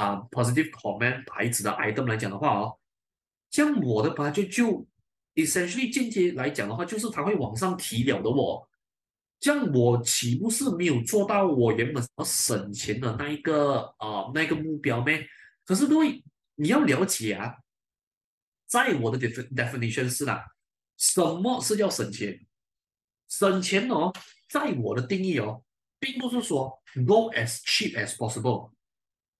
啊、uh，positive comment 牌子的 item 來講的話哦，像我的 budget 就 essentially 間接來講的話，就是他會往上提了的我，像我豈不是沒有做到我原本要省錢的那一個啊、呃，那個目標咩？可是各位你要了解啊，在我的 definition 是啦，什麼是叫省錢？省錢哦，在我的定義哦，並不是說 go、no、as cheap as possible。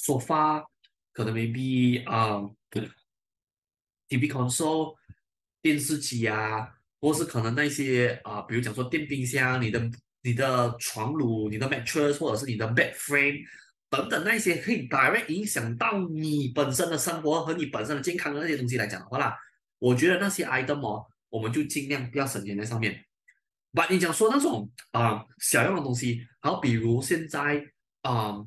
so far，可能 maybe 啊、uh, TV console、電視機啊，或是可能那些啊，uh, 比如講說電冰箱、你的、你的床褥、你的 Mattress 或者是你的 Bed Frame 等等那些可以 direct 影響到你本身的生活和你本身的健康的那些東西來講的話啦，我覺得那些 item、哦、我們就盡量不要省錢在上面。but 你講說那種啊小樣的東西，好比如現在啊。Uh,